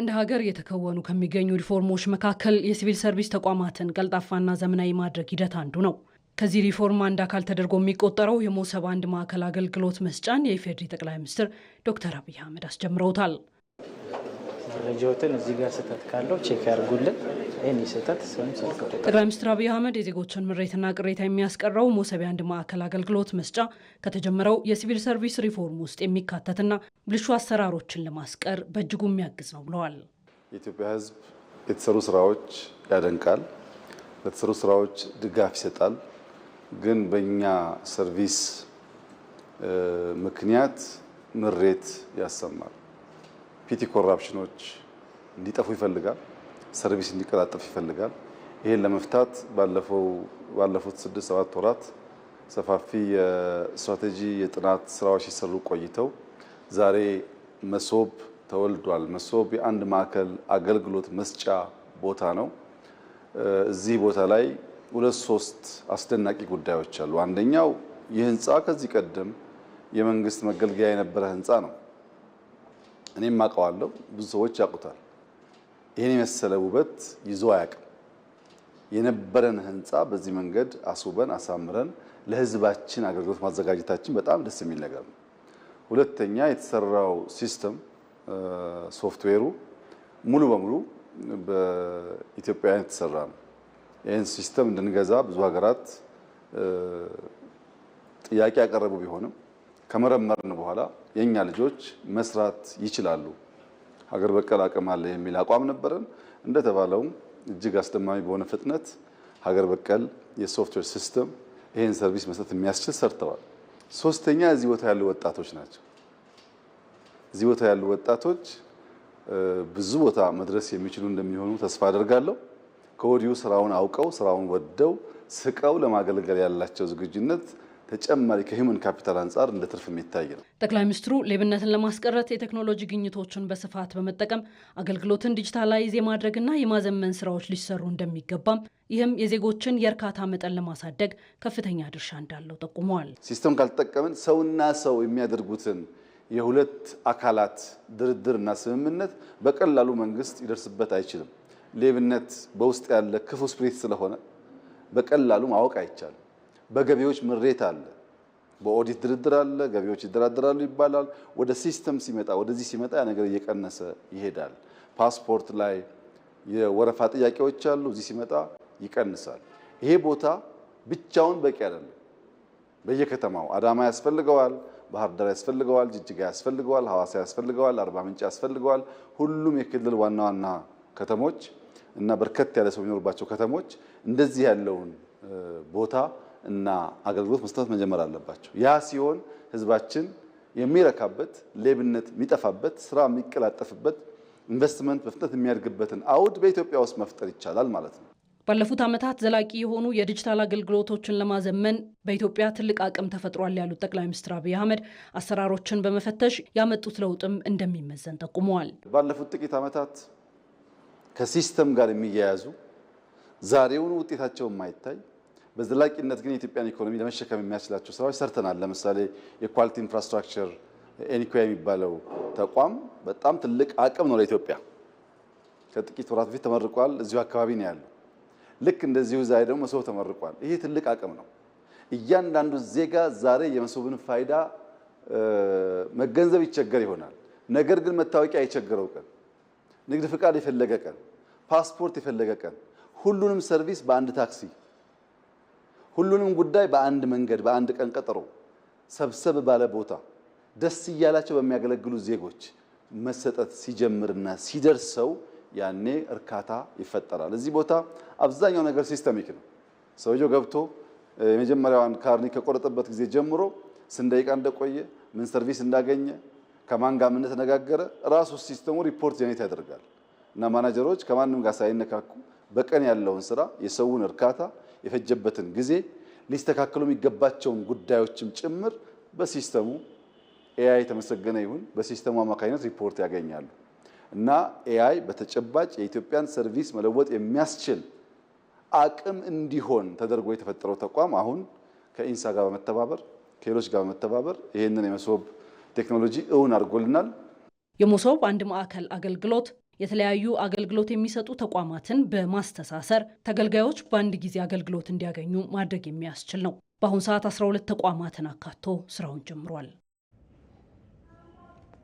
እንደ ሀገር የተከወኑ ከሚገኙ ሪፎርሞች መካከል የሲቪል ሰርቪስ ተቋማትን ቀልጣፋና ዘመናዊ ማድረግ ሂደት አንዱ ነው። ከዚህ ሪፎርም አንድ አካል ተደርጎ የሚቆጠረው የሞሰብ አንድ ማዕከል አገልግሎት መስጫን የኢፌዴሪ ጠቅላይ ሚኒስትር ዶክተር አብይ አህመድ አስጀምረውታል። ያስፈረጀሁትን እዚህ ጋር ስህተት ካለው ቼክ ያርጉልን። ይህን ስህተት ስም ስልክ ጠቅላይ ሚኒስትር አብይ አህመድ የዜጎችን ምሬትና ቅሬታ የሚያስቀረው መሰቢያ አንድ ማዕከል አገልግሎት መስጫ ከተጀመረው የሲቪል ሰርቪስ ሪፎርም ውስጥ የሚካተትና ብልሹ አሰራሮችን ለማስቀር በእጅጉ የሚያግዝ ነው ብለዋል። የኢትዮጵያ ሕዝብ የተሰሩ ስራዎች ያደንቃል፣ ለተሰሩ ስራዎች ድጋፍ ይሰጣል። ግን በእኛ ሰርቪስ ምክንያት ምሬት ያሰማል። ፒቲ ኮራፕሽኖች እንዲጠፉ ይፈልጋል። ሰርቪስ እንዲቀላጠፍ ይፈልጋል። ይሄን ለመፍታት ባለፉት ስድስት ሰባት ወራት ሰፋፊ የስትራቴጂ የጥናት ስራዎች ሲሰሩ ቆይተው ዛሬ መሶብ ተወልዷል። መሶብ የአንድ ማዕከል አገልግሎት መስጫ ቦታ ነው። እዚህ ቦታ ላይ ሁለት ሶስት አስደናቂ ጉዳዮች አሉ። አንደኛው ይህ ህንፃ ከዚህ ቀደም የመንግስት መገልገያ የነበረ ህንፃ ነው። እኔም አውቀዋለሁ፣ ብዙ ሰዎች ያውቁታል። ይህን የመሰለ ውበት ይዞ አያውቅም። የነበረን ህንፃ በዚህ መንገድ አስውበን አሳምረን ለህዝባችን አገልግሎት ማዘጋጀታችን በጣም ደስ የሚል ነገር ነው። ሁለተኛ የተሰራው ሲስተም ሶፍትዌሩ ሙሉ በሙሉ በኢትዮጵያውያን የተሰራ ነው። ይህን ሲስተም እንድንገዛ ብዙ ሀገራት ጥያቄ ያቀረቡ ቢሆንም ከመረመርን በኋላ የእኛ ልጆች መስራት ይችላሉ፣ ሀገር በቀል አቅም አለ የሚል አቋም ነበረን። እንደተባለው እጅግ አስደማሚ በሆነ ፍጥነት ሀገር በቀል የሶፍትዌር ሲስተም ይህን ሰርቪስ መስጠት የሚያስችል ሰርተዋል። ሶስተኛ እዚህ ቦታ ያሉ ወጣቶች ናቸው። እዚህ ቦታ ያሉ ወጣቶች ብዙ ቦታ መድረስ የሚችሉ እንደሚሆኑ ተስፋ አደርጋለሁ። ከወዲሁ ስራውን አውቀው ስራውን ወደው ስቀው ለማገልገል ያላቸው ዝግጁነት ተጨማሪ ከሂውመን ካፒታል አንጻር እንደ ትርፍ የሚታይ ነው። ጠቅላይ ሚኒስትሩ ሌብነትን ለማስቀረት የቴክኖሎጂ ግኝቶችን በስፋት በመጠቀም አገልግሎትን ዲጂታላይዝ የማድረግና የማዘመን ስራዎች ሊሰሩ እንደሚገባም ይህም የዜጎችን የእርካታ መጠን ለማሳደግ ከፍተኛ ድርሻ እንዳለው ጠቁመዋል። ሲስተም ካልተጠቀምን ሰውና ሰው የሚያደርጉትን የሁለት አካላት ድርድርና ስምምነት በቀላሉ መንግስት ይደርስበት አይችልም። ሌብነት በውስጥ ያለ ክፉ ስፕሪት ስለሆነ በቀላሉ ማወቅ አይቻልም። በገቢዎች ምሬት አለ። በኦዲት ድርድር አለ። ገቢዎች ይደራደራሉ ይባላል። ወደ ሲስተም ሲመጣ ወደዚህ ሲመጣ ያ ነገር እየቀነሰ ይሄዳል። ፓስፖርት ላይ የወረፋ ጥያቄዎች አሉ። እዚህ ሲመጣ ይቀንሳል። ይሄ ቦታ ብቻውን በቂ አይደለም። በየከተማው አዳማ ያስፈልገዋል፣ ባህር ዳር ያስፈልገዋል፣ ጅጅጋ ያስፈልገዋል፣ ሐዋሳ ያስፈልገዋል፣ አርባ ምንጭ ያስፈልገዋል። ሁሉም የክልል ዋና ዋና ከተሞች እና በርከት ያለ ሰው የሚኖርባቸው ከተሞች እንደዚህ ያለውን ቦታ እና አገልግሎት መስጠት መጀመር አለባቸው። ያ ሲሆን ህዝባችን የሚረካበት፣ ሌብነት የሚጠፋበት፣ ስራ የሚቀላጠፍበት፣ ኢንቨስትመንት በፍጥነት የሚያድግበትን አውድ በኢትዮጵያ ውስጥ መፍጠር ይቻላል ማለት ነው። ባለፉት ዓመታት ዘላቂ የሆኑ የዲጂታል አገልግሎቶችን ለማዘመን በኢትዮጵያ ትልቅ አቅም ተፈጥሯል ያሉት ጠቅላይ ሚኒስትር አብይ አህመድ አሰራሮችን በመፈተሽ ያመጡት ለውጥም እንደሚመዘን ጠቁመዋል። ባለፉት ጥቂት ዓመታት ከሲስተም ጋር የሚያያዙ ዛሬውን ውጤታቸው የማይታይ በዘላቂነት ግን የኢትዮጵያን ኢኮኖሚ ለመሸከም የሚያስችላቸው ስራዎች ሰርተናል። ለምሳሌ የኳሊቲ ኢንፍራስትራክቸር ኤኒኮያ የሚባለው ተቋም በጣም ትልቅ አቅም ነው ለኢትዮጵያ። ከጥቂት ወራት በፊት ተመርቋል። እዚሁ አካባቢ ነው ያለው። ልክ እንደዚሁ ዛሬ ደግሞ መሶብ ተመርቋል። ይሄ ትልቅ አቅም ነው። እያንዳንዱ ዜጋ ዛሬ የመሶብን ፋይዳ መገንዘብ ይቸገር ይሆናል። ነገር ግን መታወቂያ የቸገረው ቀን፣ ንግድ ፍቃድ የፈለገ ቀን፣ ፓስፖርት የፈለገ ቀን ሁሉንም ሰርቪስ በአንድ ታክሲ ሁሉንም ጉዳይ በአንድ መንገድ በአንድ ቀን ቀጠሮ ሰብሰብ ባለ ቦታ ደስ እያላቸው በሚያገለግሉ ዜጎች መሰጠት ሲጀምርና ሲደርሰው ያኔ እርካታ ይፈጠራል። እዚህ ቦታ አብዛኛው ነገር ሲስተሚክ ነው። ሰውየው ገብቶ የመጀመሪያዋን ካርኒ ከቆረጠበት ጊዜ ጀምሮ ስንት ደቂቃ እንደቆየ፣ ምን ሰርቪስ እንዳገኘ፣ ከማን ጋር ምን ተነጋገረ ራሱ ሲስተሙ ሪፖርት ጀኔት ያደርጋል እና ማናጀሮች ከማንም ጋር ሳይነካኩ በቀን ያለውን ስራ የሰውን እርካታ የፈጀበትን ጊዜ ሊስተካከሉ የሚገባቸውን ጉዳዮችም ጭምር በሲስተሙ ኤአይ የተመሰገነ ይሁን በሲስተሙ አማካኝነት ሪፖርት ያገኛሉ እና ኤአይ በተጨባጭ የኢትዮጵያን ሰርቪስ መለወጥ የሚያስችል አቅም እንዲሆን ተደርጎ የተፈጠረው ተቋም አሁን ከኢንሳ ጋር በመተባበር ከሌሎች ጋር በመተባበር ይህንን የመሶብ ቴክኖሎጂ እውን አድርጎልናል። የመሶብ አንድ ማዕከል አገልግሎት የተለያዩ አገልግሎት የሚሰጡ ተቋማትን በማስተሳሰር ተገልጋዮች በአንድ ጊዜ አገልግሎት እንዲያገኙ ማድረግ የሚያስችል ነው። በአሁኑ ሰዓት 12 ተቋማትን አካቶ ስራውን ጀምሯል።